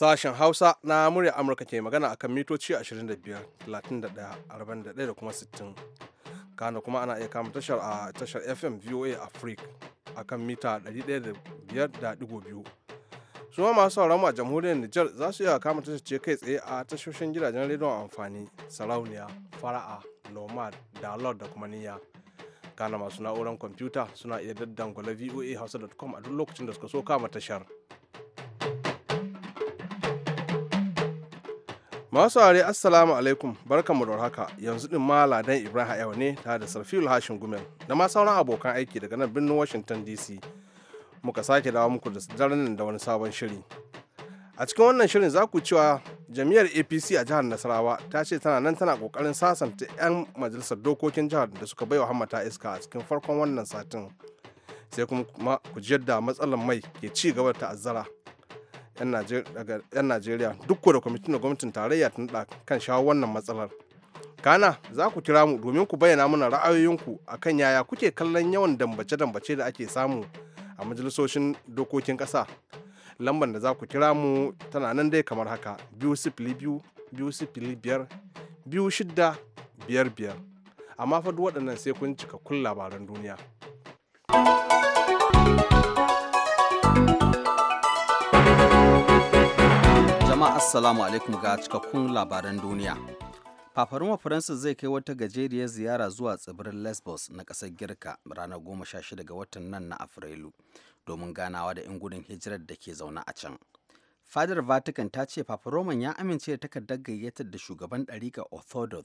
Sashen Hausa na murya Amurka ke magana akan mitoci 25, 31, 41 da kuma 60. Kana kuma ana iya kama tashar a tashar FM VOA Africa akan mita 105.2. Suma masu sauran a jamhuriyar Nijar za su iya kama tashar ce kai tsaye a tashoshin gidajen rediyon amfani, sarauniya, fara'a, nomad, dalot da kuma niyya. Kana masu na'urar kwamfuta suna iya daddangula voa hausa.com a duk lokacin da suka so kama tashar. Masu aure assalamu alaikum barkanmu da haka yanzu din ma ladan Ibrahim yau ne tare da sarfiul Hashin Gumel da ma sauran abokan aiki daga nan birnin Washington DC muka sake dawo muku da daren da wani sabon shiri. A cikin wannan shirin za ku cewa jami'ar APC a jihar Nasarawa ta ce tana nan tana kokarin sasanta 'yan majalisar dokokin jihar da suka baiwa hammata iska a cikin farkon wannan satin. Sai kuma ku ji yadda matsalar mai ke ci gaba ta'azzara 'yan najeriya duk da kwamitin da gwamnatin tarayya ta naɗa kan shawo wannan matsalar kana za ku kira mu domin ku bayyana mana ra'ayoyinku akan yaya kuke kallon yawan dambace-dambace da ake samu a majalisoshin dokokin ƙasa lambar da za ku kira mu tana nan dai kamar haka biyu sifili biyu biyu sifili biyar biyu shidda biyar biyar amma fa waɗannan sai kun cika kun labaran duniya. jama'a assalamu alaikum ga cikakkun labaran duniya fafaruma faransa zai kai wata gajeriyar ziyara zuwa tsibirin lesbos na ƙasar girka ranar goma sha 16 ga watan nan na afrilu domin ganawa da 'yan gudun hijirar da ke zaune a can fadar vatican ta ce fafaroman ya amince da takardar gayyatar da shugaban ɗariƙa orthodox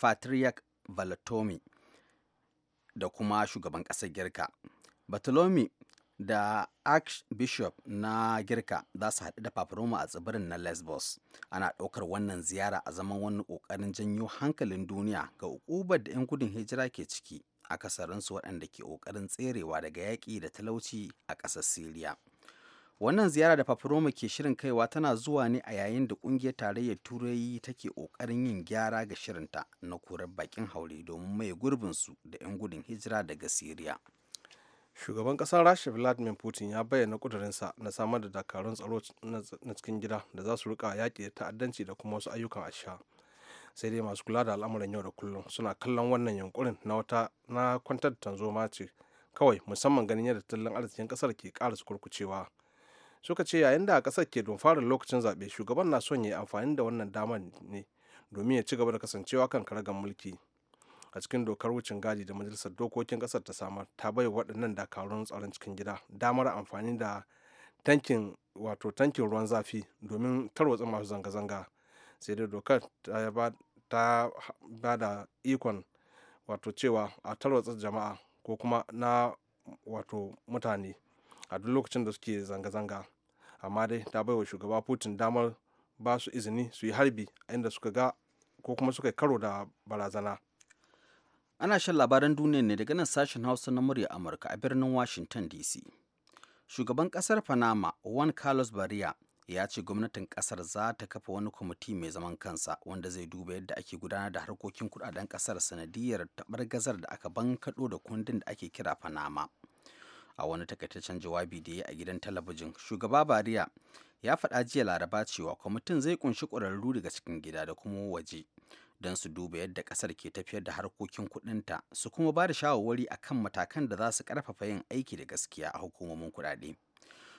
patriarch valatomi da kuma shugaban ƙasar girka Bartolome da archbishop na girka za su haɗu da paparoma a tsibirin na lesbos ana ɗaukar wannan ziyara a zaman wani ƙoƙarin janyo hankalin duniya ga ukubar da 'yan gudun hijira ke ciki a kasarinsu waɗanda ke ƙoƙarin tserewa daga yaƙi da talauci a ƙasar siriya wannan ziyara da paparoma ke shirin kaiwa tana zuwa ne a yayin da ƙungiyar tarayyar turai take ƙoƙarin yin gyara ga shirinta na korar bakin haure domin mai gurbinsu da 'yan gudun hijira daga siriya shugaban kasar rasha vladimir putin ya bayyana kudurinsa na samar da dakarun tsaro na cikin gida da za su rika yaƙi da ta'addanci da kuma wasu ayyukan asha sai dai masu kula da al'amuran yau da kullum suna kallon wannan yankurin na wata na kwantar da tanzoma ce kawai musamman ganin yadda tattalin arzikin kasar ke ƙara su kurkucewa suka ce yayin da kasar ke don fara lokacin zaɓe shugaban na son ya yi amfani da wannan damar ne domin ya ci gaba da kasancewa kan karagar mulki a cikin dokar wucin gadi da majalisar dokokin kasar ta samar ta bai waɗannan dakarun tsaron cikin gida damar amfani da tankin wato tankin ruwan zafi domin tarwatsa masu zanga-zanga sai dai dokar ta ba da ikon wato cewa a tarwatsa jama'a ko kuma na wato mutane a duk lokacin da suke zanga-zanga amma dai ta bai wa shugaba putin damar ba su izini su yi harbi inda suka ga ko kuma suka karo da barazana Ana shan labaran duniya ne daga nan sashen Hausa na murya Amurka a birnin Washington DC. Shugaban kasar Panama, Juan Carlos Barria, ya ce gwamnatin kasar za ta kafa wani kwamiti mai zaman kansa wanda zai duba yadda ake gudanar da harkokin kudaden kasar sanadiyar tabar gazar da aka bankaɗo da kundin da ake kira Panama. A wani takaitaccen jawabi da ya a gidan talabijin, shugaba Barria ya faɗa jiya laraba cewa kwamitin zai kunshi ƙwararru daga cikin gida da kuma waje. don su duba yadda kasar ke tafiyar da harkokin kudinta su kuma ba da shawarwari a kan matakan da za su karfafa yin aiki da gaskiya a hukumomin kudade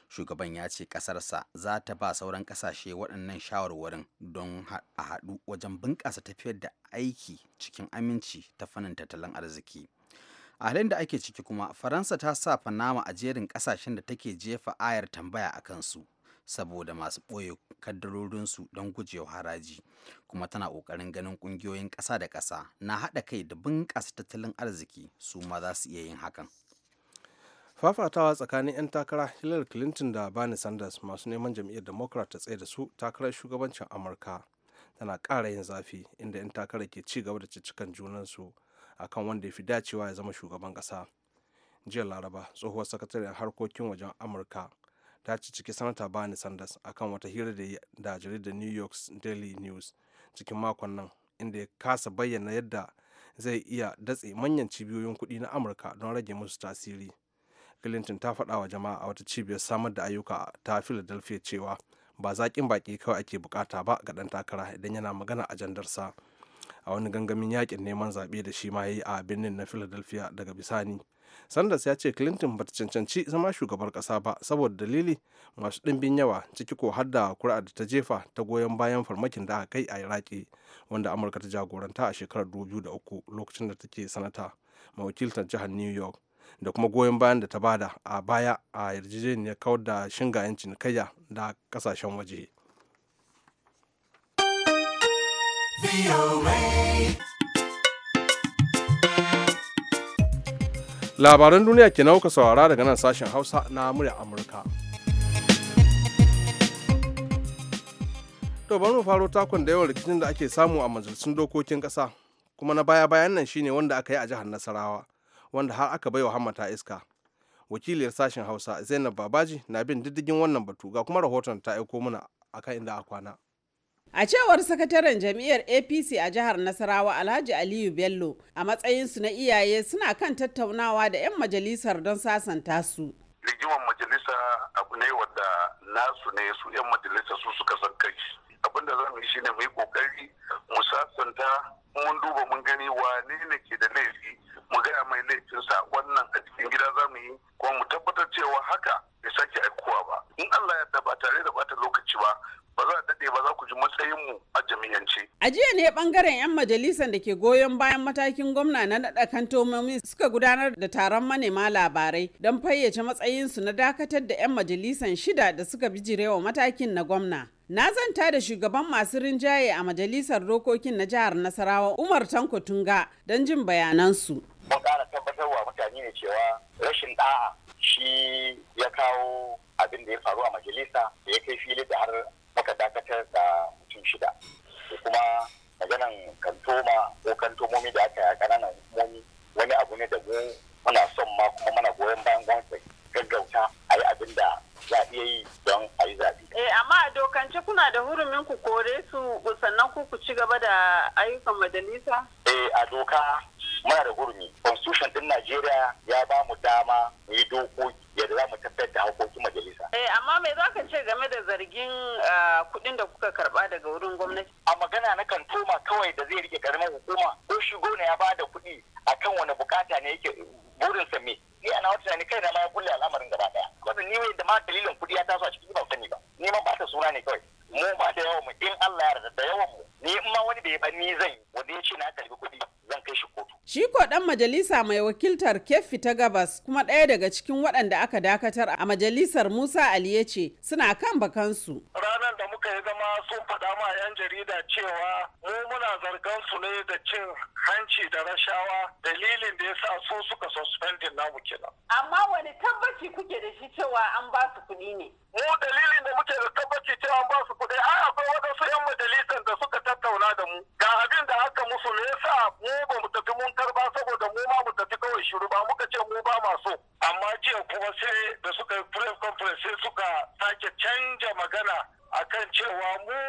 shugaban ya ce kasarsa za ta ba sauran kasashe waɗannan shawarwarin don a haɗu wajen bunƙasa tafiyar da aiki cikin aminci ta fannin tattalin arziki a halin da ake ciki kuma faransa ta sa fanama a jerin kasashen da take jefa ayar tambaya a kansu saboda masu ɓoye kaddarorinsu don gujewa haraji kuma tana ƙoƙarin ganin ƙungiyoyin ƙasa da ƙasa na haɗa kai da bunƙasa tattalin arziki su ma za su iya yin hakan fafatawa tsakanin 'yan takara hillary clinton da bernie sanders masu neman jam'iyyar democrat ta tsaye da su takarar shugabancin amurka tana ƙara yin zafi inda 'yan takara ke ci gaba da junan junansu akan wanda ya fi dacewa ya zama shugaban ƙasa jiya laraba tsohuwar sakataren harkokin wajen amurka ta ci ciki sanata bani sanders akan wata hira da jaridar new york daily news cikin makon nan inda ya kasa bayyana yadda zai iya datse manyan cibiyoyin kuɗi na amurka don rage musu tasiri clinton ta faɗa wa jama'a a wata cibiyar samar da ayyuka ta philadelphia cewa ba zaƙin baƙi kawai ake bukata ba ga ɗan takara idan yana magana ajandarsa a wani gangamin yakin neman zaɓe da shi ma ya yi a birnin na philadelphia daga bisani sanders ya ce clinton bata cancanci zama shugabar kasa ba saboda dalili masu ɗimbin yawa ciki ko har kura da ta jefa ta goyon bayan farmakin da aka kai a iraki wanda amurka ta jagoranta a shekarar 2003 lokacin da take sanata mawakiltar jihar new york da kuma goyon bayan da ta bada a baya a yarjejeniyar kawar da shingayen cinikayya da kasashen waje. labaran duniya ke nauka saurara daga nan sashen hausa na murya amurka to bari mu faro takon da yawan rikicin da ake samu a majalisun dokokin kasa kuma na baya bayan nan shine wanda aka yi a jihar nasarawa wanda har aka bai baiwa hammata iska wakiliyar sashen hausa zainab babaji na bin diddigin wannan batu ga kuma rahoton ta aiko mana akan inda a kwana A cewar sakataren jam'iyyar APC a jihar Nasarawa Alhaji Aliyu Bello a matsayinsu na iyaye suna kan tattaunawa da 'yan majalisar don sasanta su. Rigimar majalisa abu ne wadda nasu ne su 'yan majalisa su suka san kai. Abin da yi shine mu yi kokari mu sasanta mun duba mun gani wane ne ke da laifi mu gaya mai laifinsa wannan a cikin gida za mu yi kuma mu tabbatar cewa haka ya sake aikowa ba in Allah ya ba tare da bata lokaci ba ce ba za ku ji matsayinmu a jami'ance. A jiya ne bangaren 'yan majalisar da ke goyon bayan matakin gwamna na naɗa kantomomi suka gudanar da taron manema labarai don fayyace matsayin su na dakatar da 'yan majalisar shida da suka bijirewa matakin na gwamna. Na zanta da shugaban masu rinjaye a majalisar dokokin na jihar Nasarawa Umar Tanko Tunga don jin bayanansu. Mun ƙara tabbatarwa mutane ne cewa rashin ɗa'a shi ya kawo abin da ya faru a majalisa da ya kai fili da har aka dakatar da mutum shida da kuma maganan kantoma ko kantomomi da aka yi ƙananan hukumomi wani abu ne da mu muna son ma kuma muna goyon bayan gwamnati gaggauta a yi abin da za iya yi don a yi zaɓe. Eh amma a dokance kuna da hurumin ku kore su sannan ku ku ci gaba da ayyukan majalisa? Eh a doka muna da hurumi. Constitution ɗin Najeriya ya ba mu dama mu yi dokoki yadda za mu tafiyar da harkokin majalisa. Eh amma me za ka ce game da zargin ah, kuɗin da kuka karɓa daga wurin gwamnati? A magana na kan toma kawai da zai rike karamin hukuma ko shigo na ya ba da kuɗi akan wani bukata ne yake sa me. Ni ana wata tunani kai na ma ya kulle al'amarin gaba ɗaya. Wannan ni da ma dalilin kuɗi ya taso a cikin ba sani ba. Ni ma ba ta suna ne kawai. mu ba da yawan mu in Allah ya yarda da yawan mu ni in ma wani bai ba ni zan wanda ya ce na karbi kuɗi zan kai shi kotu shi ko dan majalisa mai wakiltar Keffi ta Gabas kuma ɗaya daga cikin waɗanda aka dakatar a majalisar Musa Ali ya ce suna kan bakansu ranar da muka yi zama sun faɗa ma 'yan jarida cewa mu muna zargan su ne da cin hanci da rashawa dalilin da ya sa su suka suspendin namu kenan amma wani tabbaci kuke da shi cewa an ba su kuɗi ne mu dalilin da muke da tabbaci cewa ba su kuɗi ai akwai waɗansu 'yan majalisar da suka tattauna da mu ga abin da haka musu me yasa mu ba mu tafi mun karba saboda mu ma mu tafi kawai shiru ba muka ce mu ba ma so amma jiya kuma sai da suka yi press conference sai suka sake canja magana akan cewa mu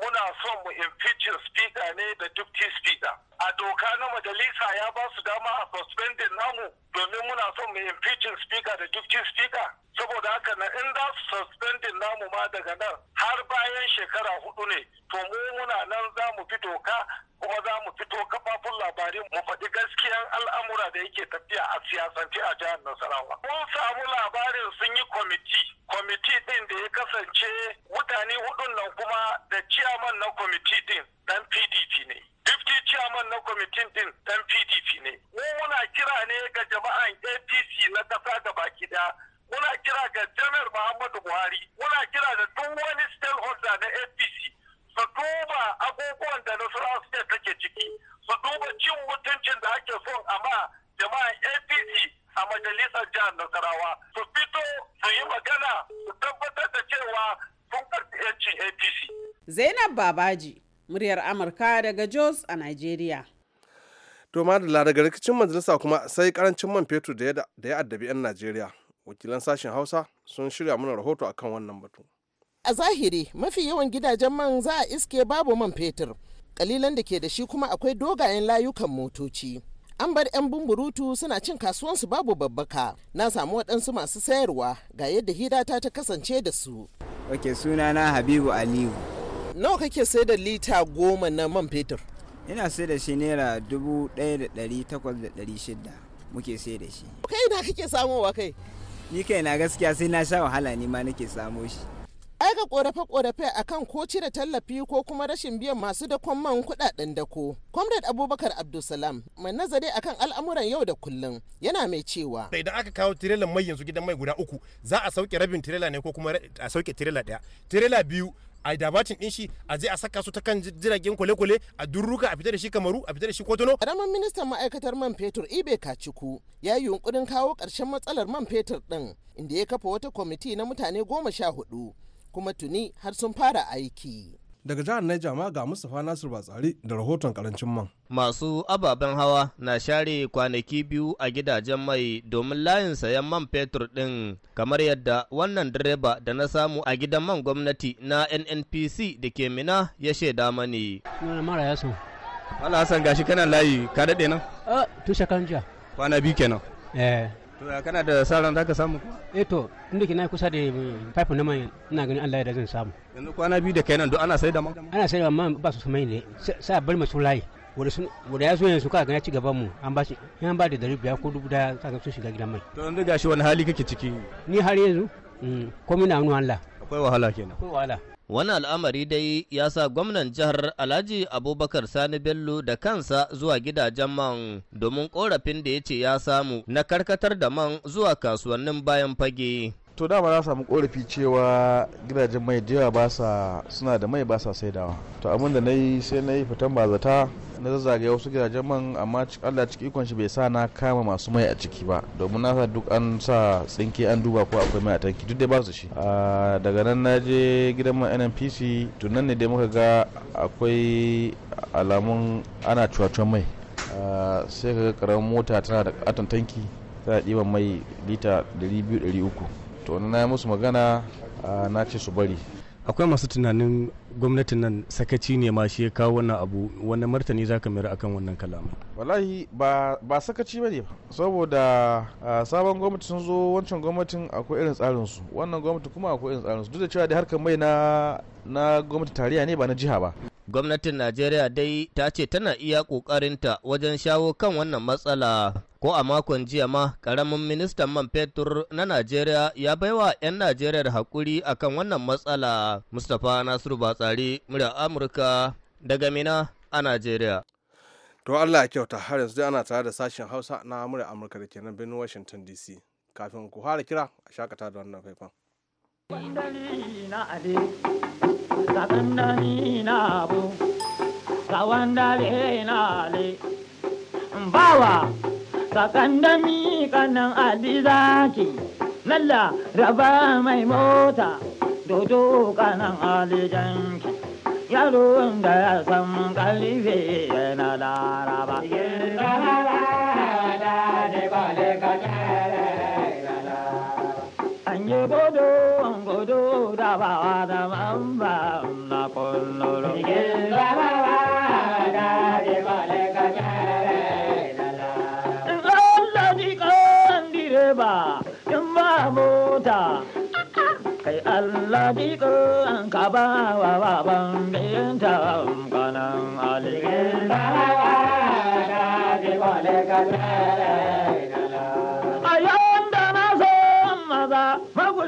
muna son mu impeach speaker ne da deputy speaker a doka na majalisa ya ba su dama a suspending namu domin muna son mu impeach speaker da deputy speaker saboda haka na in za su suspending namu ma daga nan har bayan shekara hudu ne to mu muna nan za mu fi doka kuma za mu fito kafafun labarin mu faɗi gaskiyar al'amura da yake tafiya a siyasance a jihar Nasarawa. Mun samu labarin sun yi kwamiti, kwamiti ɗin da ya kasance mutane hudun nan kuma da ciya chairman na kwamiti din dan pdp ne deputy chairman na kwamitin din dan pdp ne mu muna kira ne ga jama'an apc na kasa baki da muna kira ga janar muhammadu buhari muna kira da duk wani stakeholder na apc su duba abubuwan da nasarawa state take ciki su duba cin mutuncin da ake son amma jama'an apc a majalisar jihar nasarawa su fito su yi magana su tabbatar da cewa sun karɓi 'yancin apc Zainab Babaji, muryar Amurka daga Jos a nigeria. To madalla daga rikicin majalisa kuma sai karancin man fetur da ya addabi 'yan Najeriya. Wakilan sashen Hausa sun shirya mana rahoto akan wannan batu. A zahiri mafi yawan gidajen man za a iske babu man fetur. Kalilan da ke da shi kuma akwai dogayen layukan motoci. an bar 'yan bumburutu suna cin kasuwansu babu babbaka na samu waɗansu masu sayarwa ga yadda hidata ta kasance da su. ok sunana habibu aliyu nawa kake sai da lita goma na man fetur ina sai da shi naira dubu ɗaya da ɗari takwas da ɗari shida muke sai da shi kai na kake samowa kai ni kai na gaskiya sai na sha wahala ne ma nake samo shi ai aika korafe korafe akan ko cire tallafi ko kuma rashin biyan masu dakon man kudaden dako comrade abubakar abdulsalam mai nazari akan al'amuran yau da kullum yana mai cewa idan aka kawo tirelan mai yanzu gidan mai guda uku za a sauke rabin tirela ne ko kuma a sauke tirela daya tirela biyu a dabacin din shi a je a saka su ta kan jiragen kwale-kwale a durruka a fita da shi kamaru a fita da shi kotono karamin ministan ma'aikatar man fetur ibe kaciku ya yi yunkurin kawo ƙarshen matsalar man fetur ɗin inda ya kafa wata kwamiti na mutane goma sha hudu kuma tuni har sun fara aiki daga jihar Niger ma ga Mustapha Nasir Batsari da rahoton karancin man. Masu ababen hawa na share kwanaki biyu a gidajen mai domin layin sayan man fetur ɗin kamar yadda wannan direba da na samu a gidan man gwamnati na NNPC da ke mina ya shaida mani. Sunana mara ya sun. Wala Hassan gashi kana layi ka daɗe nan? Ah, tushe kan jiya. Kwana biyu kenan. Eh. kana da saran zaka samu kuma eh to inda ke na kusa da eh, pipe na mai ina ganin Allah ya da zan samu yanzu kwana biyu da kai nan duk ana sai da man ana sai da man ba su mai ne sa bar mu su layi wanda ya zo yanzu ka ga ya ci gaban mu an ba shi an ba da dari biyar ko dubu da ka ga sun shiga gidan mai to yanzu gashi wani hali kake ciki ni har yanzu mm, komai na nuna Allah akwai wahala kenan akwai wahala Wani al'amari dai ya sa gwamnan jihar Alhaji Abubakar Sani Bello da kansa zuwa gidajen man domin korafin da ya ce ya samu na karkatar da man zuwa kasuwannin bayan fage. to dama na samu korafi cewa gidajen mai da yawa ba sa suna da mai ba sa saidawa to abin da na yi sai na yi fitan bazata na zazzage wasu gidajen man amma allah ciki ikon shi bai sa na kama masu mai a ciki ba domin na sa duk an sa tsinke an duba ko akwai mai a tanki duk dai ba su shi daga nan na je gidan man nnpc tunan ne dai muka ga akwai alamun ana cuwacuwan mai sai ka ga karamin mota tana da katon tanki tana ɗiban mai lita 200-300 to na yi musu magana na ce su bari akwai masu tunanin gwamnatin nan sakaci ne ma shi ya kawo wannan abu wani martani za ka mayar akan wannan kalama wallahi ba sakaci ba ne saboda sabon gwamnati sun zo wancan gwamnatin akwai irin tsarin su wannan gwamnati kuma akwai irin tsarin su duk da cewa da harkar mai na na gwamnati tarayya ne ba na jiha ba Gwamnatin Najeriya dai ta ce tana iya ƙoƙarinta wajen shawo kan wannan matsala. Ko a makon jiya ma, ƙaramin ministan man fetur na Najeriya ya bai wa 'yan Najeriya haƙuri akan wannan matsala. Mustapha Nasiru Batsari, murya Amurka, daga Mina a Najeriya. To Allah ya kyauta har yanzu ana tare da sashen Hausa na murya Amurka da ke nan birnin Washington DC. Kafin ku fara kira a shakata da wannan faifan. na ade sakandami na abu kawandare na ale bawa sakandami kanan raba mai mota dodo kanan alijanki yaro da ya san kalife yana laraba an yi bodo do da ba da mam ba na ko lo lo ye ba ba ba da de ba le ka ja re la la la la ni kan di re ba yam ba mo ta kai Allah di ko an ka ba wa wa ban bin ta kanan ali ba ba da de ba le ka ja re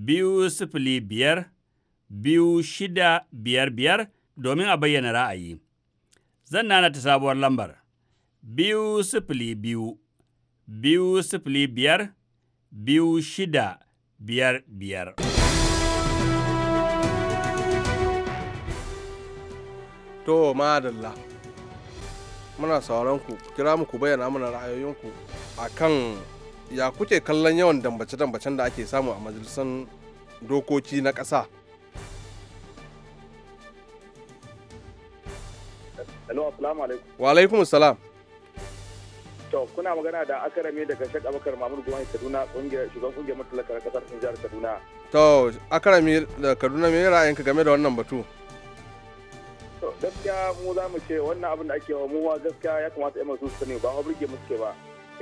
biyu sifili biyar biyu shida biyar biyar domin a bayyana ra'ayi. Zan nana ta sabuwar lambar biyu sifili biyu biyu sifili biyar biyu shida biyar biyar. To madalla muna sauran ku kira muku bayyana mana ra'ayoyinku a kan ya kuke kallon yawan dambace-dambacen da ake samu a majalisar dokoki na ƙasa alaikum. Wa alaikum salam. To, kuna magana da akarame daga Shek Abakar mamun Gumai Kaduna, ƙungiyar shugaban kungiyar matalakar kasar jihar Kaduna. To, akarame da Kaduna me ra'ayinka game da wannan batu? To, gaskiya mu za mu ce wannan abin da ake wa muwa gaskiya ya kamata ya masu sani ba wa burge mu ke ba.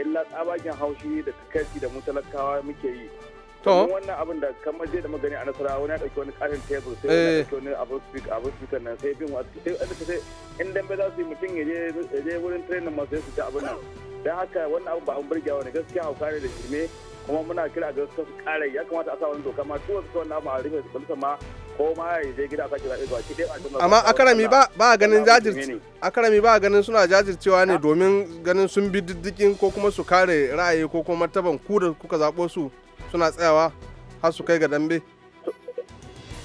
illa tsabagen haushi da takaici da mu talakawa muke yi to wannan abin da kamar zai da magani a nasara wani ya dauki wani karin tebur sai ya dauki eh. wani abin speak abin speaker nan sai bin wasu sai aka sai in dambe za su yi mutum ya je wurin training masu yasu ta abin nan dan haka wannan abu ba an burgewa ne gaskiya hauka ne da shirme kuma muna kira ga su kare ya kamata a sa wani doka ma duk wasu wannan a rufe su ma ko ma ya je gida a sake ido a ki dai amma akarami ba a ganin a karami ba ganin suna jajircewa ne ah. domin ganin sun bi diddikin ko kuma su kare ra'ayi ko kuma martaban ku da kuka zaɓo su suna tsayawa har su kai ga dambe.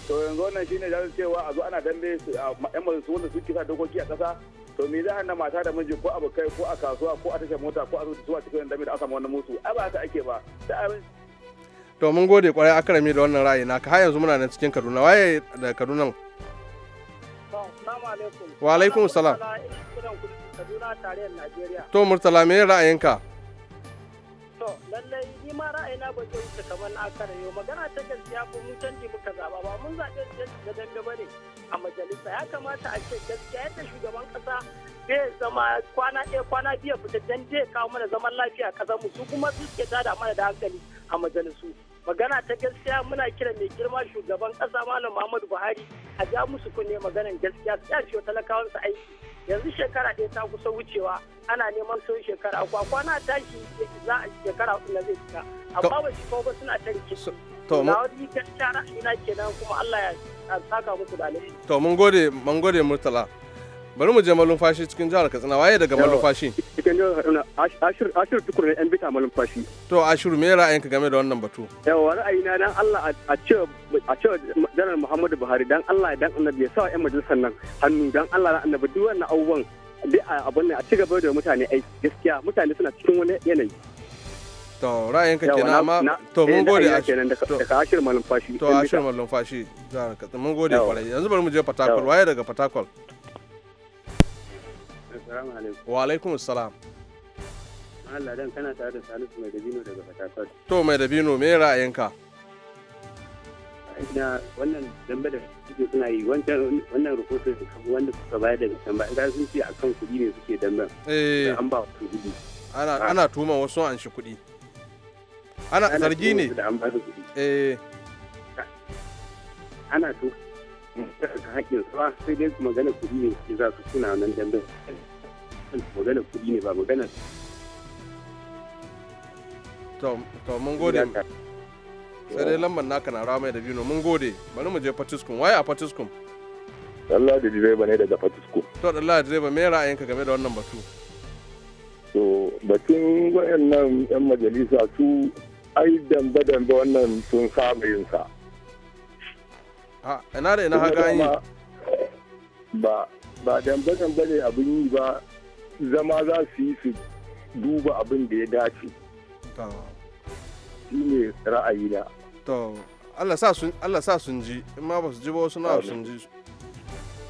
to yanzu wannan shine jajircewa a zo ana dambe a yan su wanda suke sa dokoki a ƙasa to me za a na mata da miji ko abokai ko a kasuwa ko a tashar mota ko a zuwa zuwa cikin dami da aka samu wannan mutu ai ba haka ake ba da abin to mun gode kwarai akarami da wannan ra'ayi naka har yanzu muna nan cikin Kaduna waye da Kaduna wa alaikum salam to murtala me ra'ayinka to lallai ni ma ra'ayina ba zai wuce kamar na akara magana ta a majalisa ya kamata a ce gaskiya yadda shugaban kasa zai zama kwana ɗaya kwana biya fita dan zai kawo mana zaman lafiya a kasar mu su kuma su ta da mana da hankali a majalisu magana ta gaskiya muna kira mai girma shugaban kasa malam muhammadu buhari a ja musu kunne maganan gaskiya su yace wa talakawansa aiki yanzu shekara ɗaya ta kusa wucewa ana neman sau shekara kwa kwana tashi za a shekara uku na zai fita amma ba shi ba suna ta rikici to mun kuma Allah ya to mun gode mun gode murtala bari mu je malumfashi cikin jihar katsina waye daga malumfashi cikin jihar ashir ashir tukur ne yan bita malumfashi to ashir me ra'ayinka game da wannan batu yawa ra'ayina dan Allah a ce a ce janar Muhammadu Buhari dan Allah dan annabi ya sa yan majalisar nan hannu dan Allah dan annabi duk wannan abubuwan duk a ci gaba da mutane ai gaskiya mutane suna cikin wani yanayi to ra'ayinka kenan amma to mun gode a kenan daga ashir malumfashi to ashir malumfashi za ka mun gode kwarai yanzu bari mu je fatakwal waye daga fatakwal assalamu alaikum wa alaikum assalam Allah dan kana tare da Salisu mai dabino daga fatakwal to mai dabino me ra'ayinka ina wannan dambe da suke suna yi wannan rahoton wanda suka bayar daga can ba idan sun ce akan kuɗi ne suke damben eh. an ba kuɗi ana tuma wasu an shi kuɗi ana zargi ne eh. ana to sai dai magana kuɗi ne ke za su suna nan dambe magana kuɗi ne ba magana to mun gode sai dai lambar naka na rama da mun gode bari mu je waye a Allah da ne daga to Allah da me ra'ayinka game da wannan batu to batun wayannan yan majalisa su ai dambe dambe wannan sun saba yin sa a ina da ina haka yi ba ba dambe dambe ne abin yi ba zama za su yi su duba abin da ya dace shi ne ra'ayi na to Allah sa sun ji in ma ba su ji ba wasu na sun ji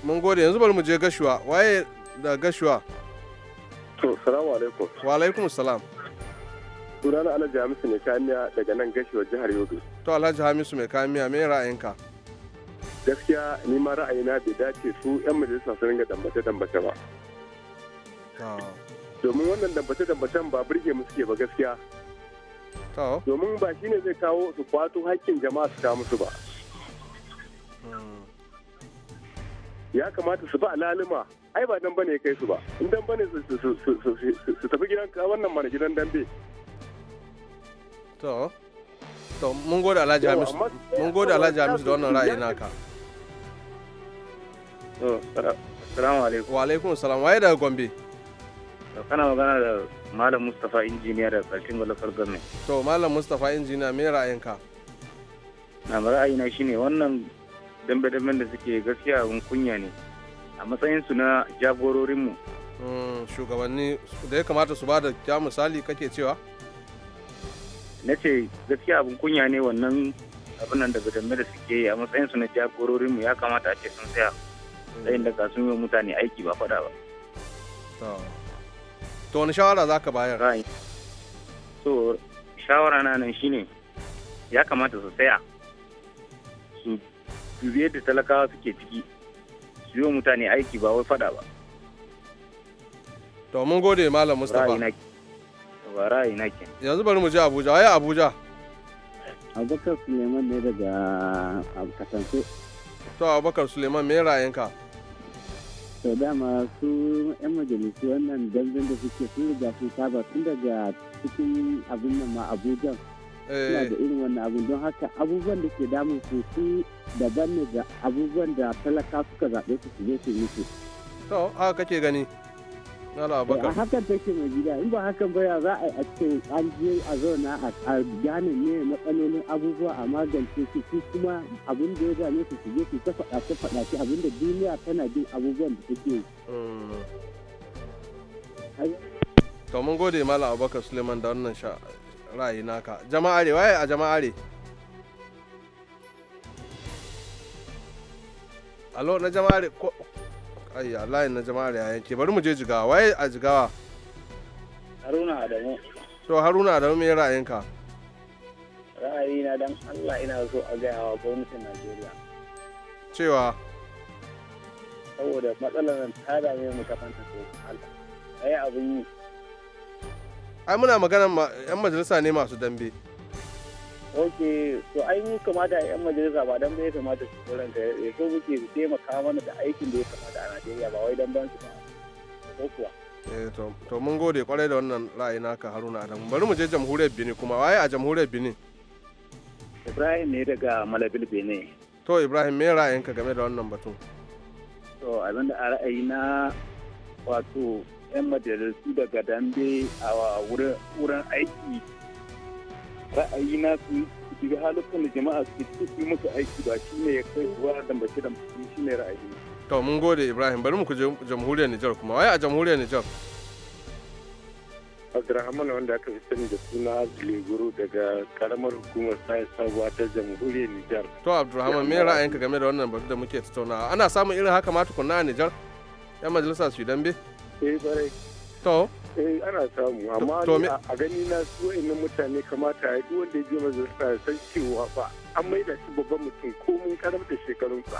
mun gode yanzu bari mu je gashuwa waye da gashuwa to salamu alaikum wa alaikum salam sunana alhaji hamisu mai kamiya daga nan gashewar jihar yobe to alhaji hamisu mai kamiya me ra'ayinka gaskiya ni ma ra'ayina bai dace su yan majalisa su ringa dambace dambace ba domin wannan dambace dambacen ba burge mu suke ba gaskiya domin ba shi ne zai kawo su kwato hakkin jama'a su kawo musu ba hmm. ya kamata su ba laluma, ai ba dan bane kai su ba in dan bane su tafi gidan ka wannan mana gidan dambe to to mun gode alhaji hamisu mun gode alhaji hamisu da wannan ra'ayi naka to assalamu alaikum wa alaikum assalam waye daga gombe kana magana da malam mustapha injiniya da karshen gwalafar gwamnati to malam mustapha injiniya me ra'ayinka na ra'ayina shine wannan dambe-damben da suke gaskiya abin kunya ne a matsayinsu na jagororinmu mm, shugabanni da ya kamata su ba da ja misali kake cewa na ce gaskiya abin kunya ne wannan abin nan da bidanme da suke a matsayin su na jagororinmu ya kamata a ce sun tsaya inda daga sun yi mutane aiki ba faɗa ba to wani shawara za ka bayar so shawara na nan shine ya kamata su tsaya su biye da talakawa suke ciki su yi mutane aiki ba wai faɗa ba to mun gode malam mustapha ba ra'ayi ke yanzu bari mu je abuja waye abuja abubakar suleiman ne daga kasance to abubakar suleiman me ka? to dama su yan majalisu wannan danzan da suke sun riga sun saba tun daga cikin abin nan ma abuja eh. suna da irin wannan abin don haka abubuwan da ke damun su su daban ne da abubuwan da talaka suka zaɓe su su je su mutu to haka kake gani Nala Abubakar. A hakan take mai gida in ba hakan ba ya za a ce an je a zauna a gane ne matsalolin abubuwa a magance su su kuma abin da ya dame su su je su ta faɗa ta faɗa ce abin da duniya tana bin abubuwan da take. Hmm. To mun gode Malam Abubakar Suleiman da wannan ra'ayi naka. Jama'are waye a jama'are? Alo na jama'are ayya layin na jama'ar ya yanke bari mu je jigawa waye a jigawa haruna adamu to haruna adamu me ra'ayinka ra'ayi na dan allah ina so a gaya wa gwamnatin najeriya cewa saboda matsalar nan ta dame mu kafanta ko allah ai abin yi ai muna magana 'yan majalisa ne masu dambe ok to ai mu kamata a 'yan majalisa ba don bai kamata su kuran ka ya so muke su taimaka mana da aikin da ya kamata a najeriya ba wai don ban su ba ko kuwa eh, to mun gode kwarai da wannan ra'ayi naka haruna adamu bari mu je jamhuriyar benin kuma waye a jamhuriyar benin ibrahim ne daga malabil benin to ibrahim me ra'ayinka game da wannan batun to abin da ra'ayi na wato 'yan majalisu daga dambe a wurin aiki ra'ayi na su shiga halittar da jama'a su ci musu aiki ba shi ne ya kai zuwa da mace da mutum shi ne ra'ayi. To mun gode Ibrahim bari mu ku jamhuriyar Nijar kuma waye a jamhuriyar Nijar. Abdurrahman wanda aka fi sani da suna Leguru daga karamar hukumar Sai Sabuwa ta jamhuriyar Nijar. To Abdurrahman me ra'ayinka game da wannan batu da muke tattaunawa? Ana samun irin haka ma tukunna a Nijar? Yan majalisar Sudan be? Eh bare. To. eh ana samu amma a gani na su wa'annan mutane kamata ya yi wanda ya je majalisa ya san cewa ba an maida shi babban mutum ko mun karar da shekarunsa.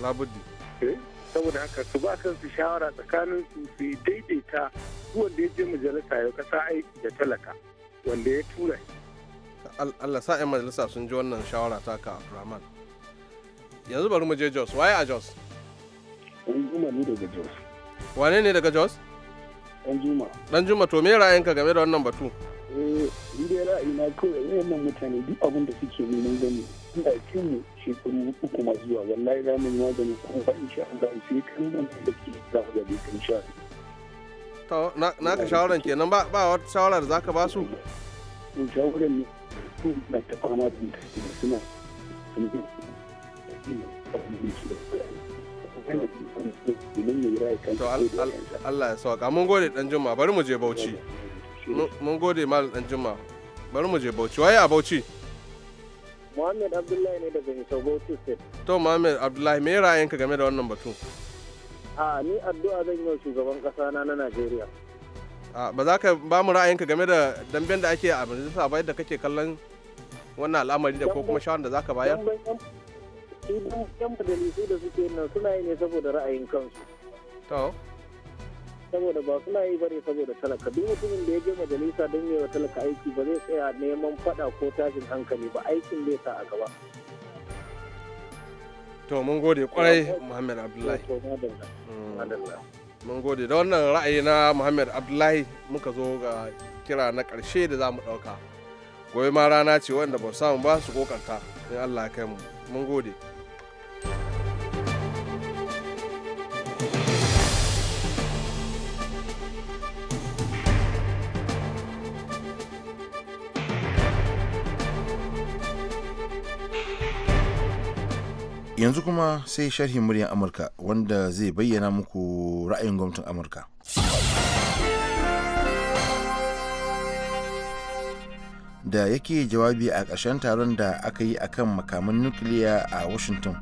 labudi. Eh, saboda haka su ba kansu shawara tsakanin su su daidaita su wanda ya je majalisa ya kasa aiki da talaka wanda ya tura Allah sa 'yan majalisa sun ji wannan shawara taka Abdulrahman. Yanzu bari mu je Jos, waye a Jos? Unguma eh, ne daga Jos. Wane ne daga Jos? Dan Juma. Dan Juma to me ra'ayinka game da wannan batu? Eh, inda ra'ayina kawai eh, wayannan mutane duk abin da suke neman gani suna cin shekaru uku masu zuwa wallahi za mu yi magani kuma fa insha Allah sai kan nan da ke za ga dai kan sha. To na na ka shawaran kenan ba ba wata shawara da zaka ba su? In shawaran ne su na ta fama da mutane suna sun yi abin da ke da Allah ya sauka mun gode dan juma bari mu je Bauchi mun gode mal dan juma bari mu je Bauchi waye a Bauchi Muhammad Abdullahi ne daga Hisau Bauchi State to Muhammad Abdullahi me ka game da wannan batu a ni addu'a zan yi shugaban kasa na na Najeriya ba za ka ba mu ra'ayinka game da damben da ake a majalisa ba yadda kake kallon wannan al'amari da ko kuma shawarar da za ka bayar su yan majalisu da suke nan suna yi ne saboda ra'ayin kansu to saboda ba suna yi bane saboda talaka duk mutumin da ya je majalisa don yi wa talaka aiki ba zai tsaya neman fada ko tashin hankali ba aikin zai sa a gaba to mun gode kwarai muhammad abdullahi mm. mun gode da wannan ra'ayi na muhammad abdullahi muka zo ga kira na karshe da za mu dauka gobe ma rana ce wanda ba samu ba su kokarta in allah kai mu mun gode yanzu kuma sai sharhin muryar amurka wanda zai bayyana muku ra'ayin gwamnatin amurka da yake jawabi a ƙarshen taron da aka yi a kan makaman nukiliya a washington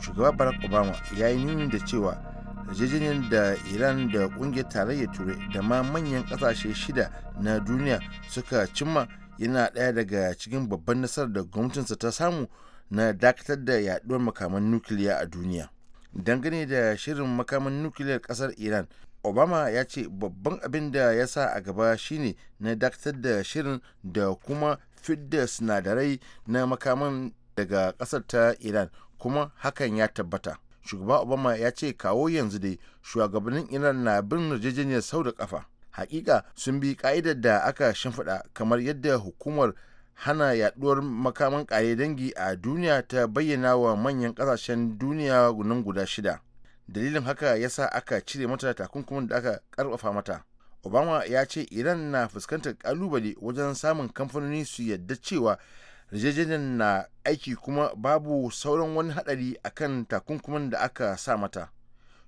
shugaba barack obama ya yi nuni da cewa yarjejeniyar da iran da ƙungiyar tarayyar turai da ma manyan ƙasashe shida na duniya suka cimma yana ɗaya daga cikin babban nasarar da gwamnatinsa ta samu na dakatar da yaduwar makaman nukiliya a duniya dangane da shirin makaman nukiliyar kasar iran obama ya ce babban abin da ya sa a gaba shine na dakatar da shirin da kuma fidda sinadarai na makaman daga kasar ta iran kuma hakan ya tabbata shugaba obama ya ce kawo yanzu dai shugabannin iran na bin yarjejeniyar sau da kafa hakika sun bi ka'idar da aka shimfiɗa kamar yadda hukumar hana yaduwar makaman kare dangi a duniya ta bayyana wa manyan kasashen duniya nan guda shida dalilin haka yasa aka cire mata takunkumin da aka karfafa mata obama ya ce iran na fuskantar kalubale wajen samun kamfanoni su yadda cewa rijejenin na aiki kuma babu sauran wani hadari akan takunkumin da aka sa mata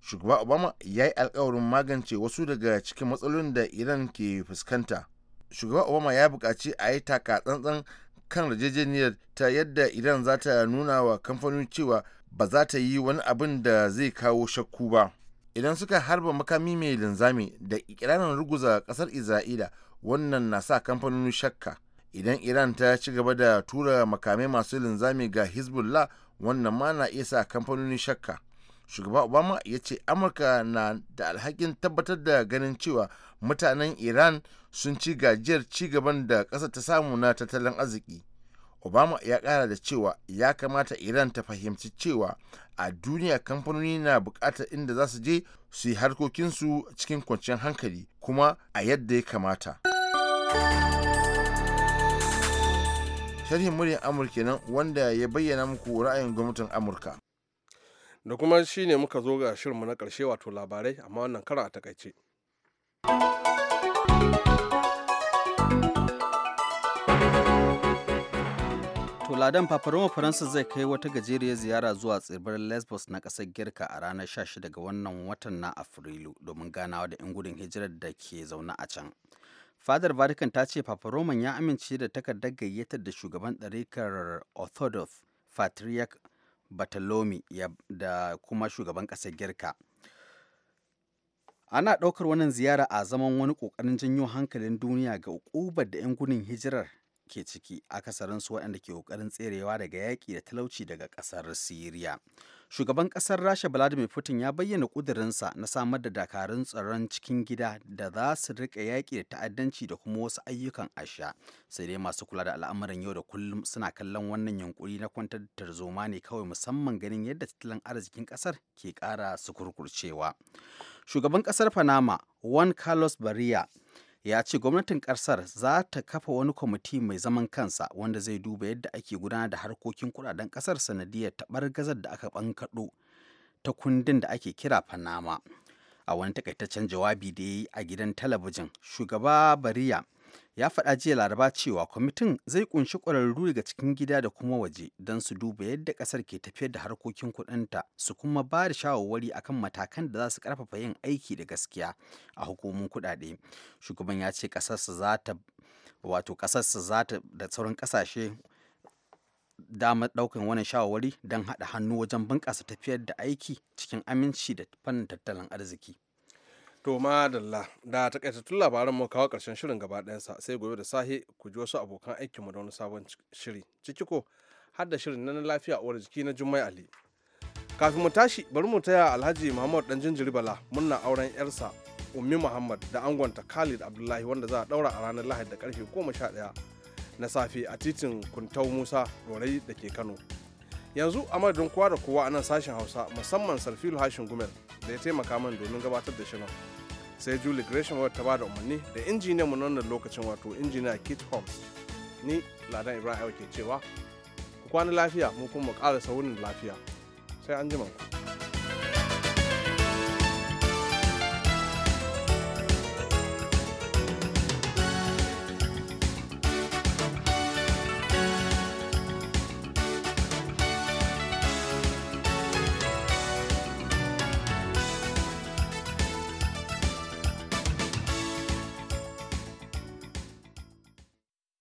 shugaba obama ya yi alkawarin magance wasu daga cikin matsalolin da iran ke fuskanta shugaba obama ya buƙaci a yi taka tsantsan kan yarjejeniyar ta yadda iran za ta nuna wa kamfanin cewa ba za ta yi wani abin da zai kawo shakku ba idan suka harba makami mai linzami da ikirarin ruguza kasar isra'ila wannan na sa kamfanin shakka idan iran ta ci gaba da tura makamai masu linzami ga hezbollah wannan ma na iya sa kamfanin shakka shugaba obama ya ce amurka na da alhakin tabbatar da ganin cewa mutanen iran sun ci gajiyar cigaban da ƙasa ta samu na tattalin arziki obama ya kara da cewa ya kamata iran ta fahimci cewa a duniya kamfanoni na bukatar inda za su je su yi harkokinsu cikin kwanciyar hankali kuma a yadda ya kamata sharhin muryar amurka nan wanda ya bayyana muku ra'ayin gwamnatin amurka da kuma shi ne muka zo ga shirinmu na ƙarshe wato labarai amma wannan kara a takaice. To Ladan Faransa zai kai wata gajeriyar ziyara zuwa tsibirin Lesbos na ƙasar Girka a ranar 16 ga wannan watan na Afrilu domin ganawa da 'yan gudun hijirar da ke zaune a can. Fadar Vatican ta ce faforoman ya amince da takardar gayyatar da shugaban ɗarikar Orthodox Patriarch Batalomi da kuma shugaban ƙasar Girka. Ana ɗaukar wannan ziyara a zaman wani ƙoƙarin janyo hankalin duniya ga ukubar da 'yan gudun hijirar ke ciki akasarinsu waɗanda ke ƙoƙarin tserewa daga yaƙi da talauci daga ƙasar Siriya. shugaban ƙasar rasha vladimir putin ya bayyana ƙudurinsa na samar da dakarun tsaron cikin gida da za su riƙa yaƙi da ta'addanci da kuma wasu ayyukan asha sai dai masu kula da al'amuran yau da kullum suna kallon wannan yunkuri na kwantar tarzoma ne kawai musamman ganin yadda tattalin arzikin ƙasar ke ƙara kurkurcewa shugaban ƙasar panama juan carlos barria ya ce gwamnatin ƙasar za ta kafa wani kwamiti mai zaman kansa wanda zai duba yadda ake gudanar da harkokin kudaden ƙasar sanadiyar taɓargazar gazar da aka ɓankaɗo ta kundin da ake kira panama a wani takaitaccen jawabi da ya yi a gidan talabijin shugaba bariya ya faɗa jiya laraba cewa kwamitin zai kunshi ƙwararru daga cikin gida da kuma waje don su duba yadda ƙasar ke tafiyar da harkokin kuɗinta su kuma ba da shawarwari akan matakan da za su ƙarfafa yin aiki da gaskiya a hukumomin kuɗaɗe shugaban ya ce ƙasarsa za ta wato ƙasarsa za ta da sauran ƙasashe damar ɗaukan wani shawarwari don haɗa hannu wajen bunƙasa tafiyar da aiki cikin aminci da fannin tattalin arziki. To madalla da takaitattun labaran mu kawo karshen shirin gaba sa sai gobe da sahi ku ji wasu abokan mu da wani sabon shiri ciki ko har da shirin na lafiya uwar jiki na Jummai Ali. Kafin mu tashi bari mu taya Alhaji Muhammad dan jinjiri Bala muna auren yarsa Ummi Muhammad da angonta Khalid Abdullahi wanda za a daura a ranar Lahadi da karfe 11 na safe a titin Kuntau Musa Rorai da ke Kano. Yanzu a madadin kowa da kowa a nan sashen Hausa musamman Sarfilu Hashin Gumel da ya taimaka min domin gabatar da shirin sai julie gresham ta ba da umarni da injiniyan mu wannan lokacin wato injiniya kit holmes ni ladan ibrahim ke cewa ku kwana lafiya mu kuma mu kara saurin lafiya sai an jima ku